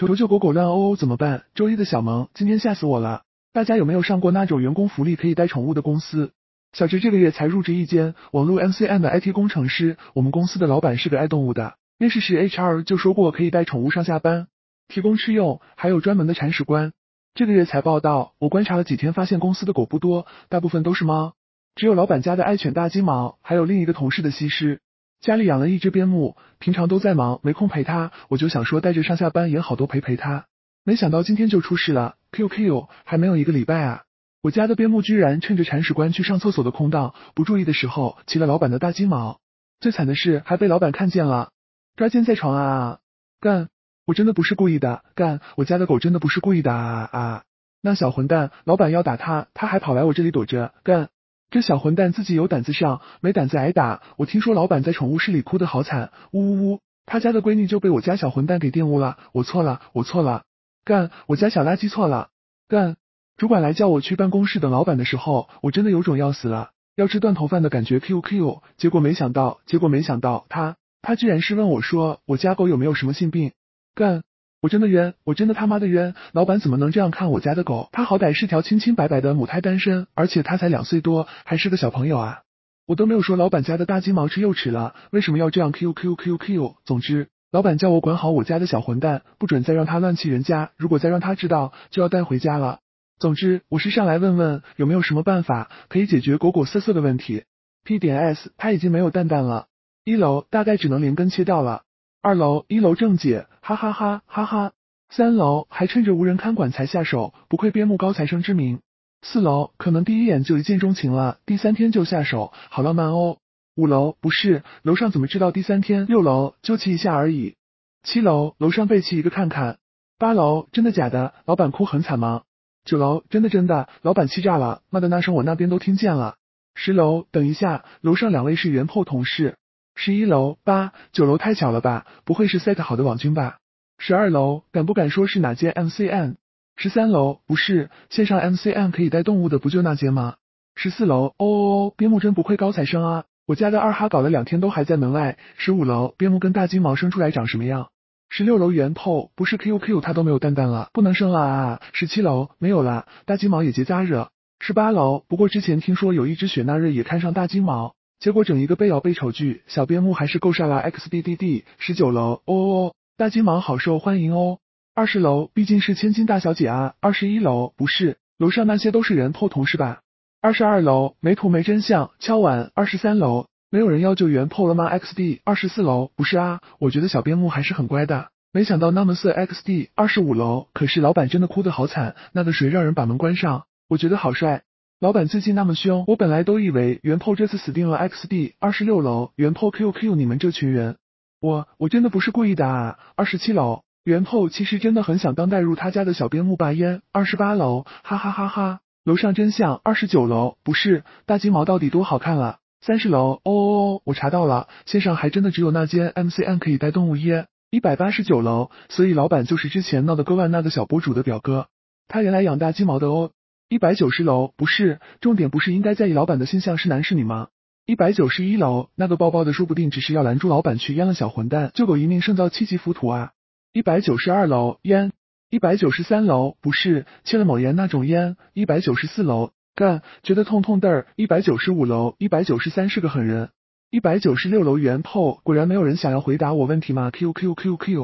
狗狗就狗狗亂哦哦怎麼辦？周一的小萌，今天嚇死我了！大家有沒有上過那種員工福利可以帶寵物的公司？小直這個月才入職一間網絡 M C N 的 I T 工程師，我們公司的老板是個愛動物的。面試時 H R 就說過可以帶寵物上下班，提供吃用，還有專門的鏟屎官。這個月才報道，我觀察了幾天，發現公司的狗不多，大部分都是貓，只有老板家的愛犬大金毛，還有另一個同事的西施。家裡養了一隻邊牧，平常都在忙，沒空陪它。我就想說帶着上下班也好，多陪陪它。沒想到今天就出事了，Q Q，還沒有一個禮拜啊！我家的邊牧居然趁着鏟屎官去上廁所的空檔，不注意的時候騎了老板的大金毛。最慘的是還被老板看見了，抓奸在床啊！幹，我真的不是故意的，幹，我家的狗真的不是故意的啊，啊！那小混蛋，老板要打他，他還跑來我這裡躲着，幹。這小混蛋自己有膽子上，沒膽子挨打。我聽說老闆在寵物室裡哭得好慘，嗚嗚嗚！他家的閨女就被我家小混蛋給玷汙了。我錯了，我錯了。幹，我家小垃圾錯了。幹，主管來叫我去辦公室等老闆的時候，我真的有種要死了，要吃斷頭飯的感覺。QQ，結果沒想到，結果沒想到，他他居然是問我說我家狗有沒有什麼性病。幹。我真的冤，我真的他媽的冤！老板怎麼能這樣看我家的狗？它好歹是條清清白白的母胎單身，而且它才兩歲多，還是個小朋友啊！我都沒有說老板家的大金毛吃幼齒了，為什麼要這樣？Q Q Q Q！總之，老板叫我管好我家的小混蛋，不准再讓他亂騎人家。如果再讓他知道，就要帶回家了。總之，我是上來問問有沒有什麼辦法可以解決狗狗色色的問題。P 點 S，它已經沒有蛋蛋了。一樓大概只能連根切掉了。二樓，一樓正解。哈哈哈哈哈！三樓還趁着無人看管才下手，不愧邊牧高材生之名。四樓可能第一眼就一見鍾情了，第三天就下手，好浪漫哦。五樓不是，樓上怎麼知道第三天？六樓就氣一下而已。七樓樓上被氣一個看看。八樓真的假的？老闆哭很慘嗎？九樓真的真的，老闆氣炸了，罵的那聲我那邊都聽見了。十樓等一下，樓上兩位是原 PO 同事。十一樓八九樓太巧了吧？不會是 set 好的網軍吧？十二樓，敢不敢說是哪間 M C N？十三樓，不是，線上 M C N 可以帶動物的不就那間嗎？十四樓，哦哦哦，邊牧真不愧高材生啊！我家的二哈搞了兩天都還在門外。十五樓，邊牧跟大金毛生出來長什麼樣？十六樓原 PO，不是 Q Q 它都沒有蛋蛋了，不能生了啊！十七樓沒有啦，大金毛也結扎惹。十八樓，不過之前聽說有一隻雪納瑞也看上大金毛，結果整一個被咬被醜拒，小邊牧還是夠善良 X D D D。十九樓，哦哦。大金毛好受歡迎哦，二十樓畢竟是千金大小姐啊，二十一樓不是，樓上那些都是原破同事吧？二十二樓沒圖沒真相，敲碗，二十三樓沒有人要救原破了嗎？XD 二十四樓不是啊，我覺得小邊牧還是很乖的，沒想到那麼色 XD 二十五樓可是老板真的哭得好慘，那個誰讓人把門關上，我覺得好帥，老板最近那麼凶，我本來都以為原破這次死定了 XD 二十六樓原破 QQ 你們這群人。我我真的不是故意的啊！二十七樓，原 PO 其實真的很想當帶入他家的小邊牧吧？煙。二十八樓，哈哈哈哈，樓上真相。二十九樓，不是，大金毛到底多好看了？三十樓，哦哦哦，我查到了，線上還真的只有那間 MCN 可以帶動物耶。一百八十九樓，所以老板就是之前鬧得割腕那個小博主的表哥，他原來養大金毛的哦。一百九十樓，不是，重點不是應該在意老板的性向是男是女嗎？一百九十一樓那個包包的，說不定只是要攔住老板去閹了小混蛋，救狗一命勝造七級浮屠啊！一百九十二樓閹，一百九十三樓不是，切了某煙那種閹，一百九十四樓幹，覺得痛痛的兒，一百九十五樓一百九十三是個狠人，一百九十六樓原 PO，果然沒有人想要回答我問題嗎？Q Q Q Q Q。